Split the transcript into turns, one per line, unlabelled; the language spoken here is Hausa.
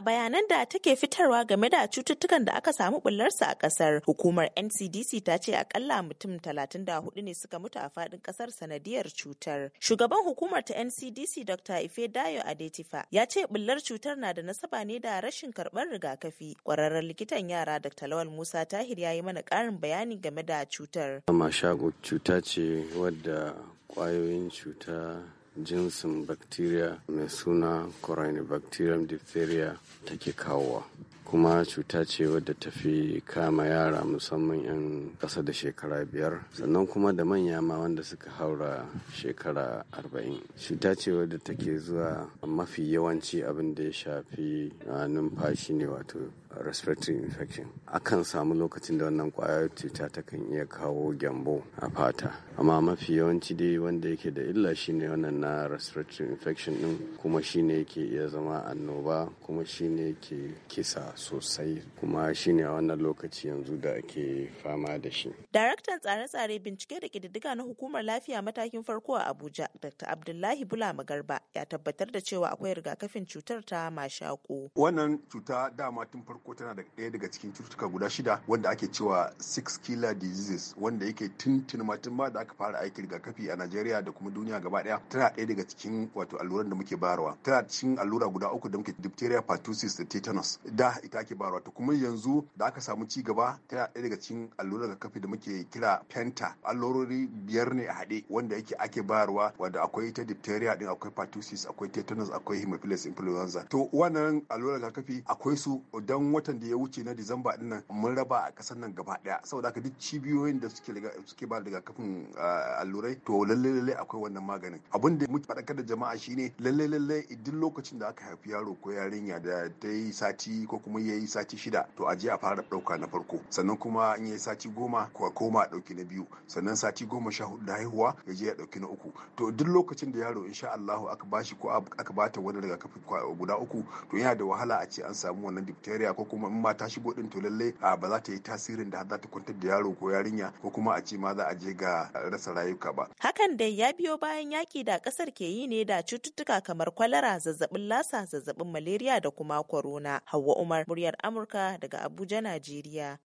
a bayanan da take fitarwa game da cututtukan da aka samu bullarsa a kasar hukumar ncdc ta ce akalla mutum 34 ne suka mutu a fadin kasar sanadiyar cutar shugaban hukumar ta ncdc dr ife dayo adetifa ya ce bullar cutar na da nasaba ne da rashin karɓar rigakafi kwararren likitan yara dr lawal musa tahir ya yi mana ƙarin bayani game da cutar.
mashago cuta ce wadda kwayoyin cuta jinsin bacteria mai suna corynebacterium diphtheria take kawowa kuma cuta ce wadda ta fi kama yara musamman 'yan ƙasa da shekara biyar sannan kuma da manya ma wanda suka haura shekara arba'in cuta ce wadda take zuwa mafi yawanci abin da ya shafi ah, numfashi ne wato respiratory infection akan samu lokacin da wannan kwayar cuta kan iya kawo gyambo a fata amma mafi yawanci dai wanda yake da illa shine wannan na respiratory infection din kuma shine yake iya zama annoba kuma shine yake kisa sosai kuma shine a wannan lokaci yanzu da ake fama da shi
daraktan tsare-tsare bincike da kididdiga na hukumar lafiya matakin farko a abuja dr abdullahi bula magarba ya tabbatar da cewa akwai rigakafin cutar ta mashaƙo
wannan cuta dama tun farko ko tana da ɗaya daga cikin cututtuka guda shida wanda ake cewa six killer diseases wanda yake tuntun matin ma da aka fara aikin rigakafi a Najeriya da kuma duniya gaba ɗaya tana ɗaya daga cikin wato alluran da muke bayarwa tana cikin allura guda uku da muke diphtheria pertussis da tetanus da ita ake bayarwa to kuma yanzu da aka samu ci gaba tana ɗaya daga cikin alluran rigakafi da muke kira penta allurori biyar ne a haɗe wanda yake ake bayarwa wanda akwai ta diphtheria din akwai pertussis akwai tetanus akwai hemophilus influenza to wannan alluran rigakafi akwai su don watan da ya wuce na disamba din nan mun raba a kasar nan gaba daya saboda haka duk cibiyoyin da suke suke ba rigakafin ah, allurai to lalle lalle akwai wannan maganin abin da muke faɗakar da jama'a shine lalle lalle duk lokacin da aka haifi yaro ko yarinya da ta yi sati ko kuma ya yi sati shida to a je a fara ɗauka na farko sannan kuma in ya yi sati goma ko koma ɗauki na biyu sannan sati goma sha hudu da haihuwa ya je ya ɗauki na uku to duk lokacin da yaro insha Allahu aka bashi ko aka bata wani rigakafi guda uku to yana da wahala a ce an samu wannan diphtheria ko kuma in ma ta shigo din to lalle ba za ta yi tasirin da za ta kwantar da yaro ko yarinya ko kuma a ce ma za a je ga rasa rayuka ba.
Hakan dai ya biyo bayan yaki da kasar ke yi ne da cututtuka kamar kwalara, zazzabin lasa, zazzabin malaria da kuma corona. Hauwa Umar, muryar Amurka daga Abuja, Najeriya.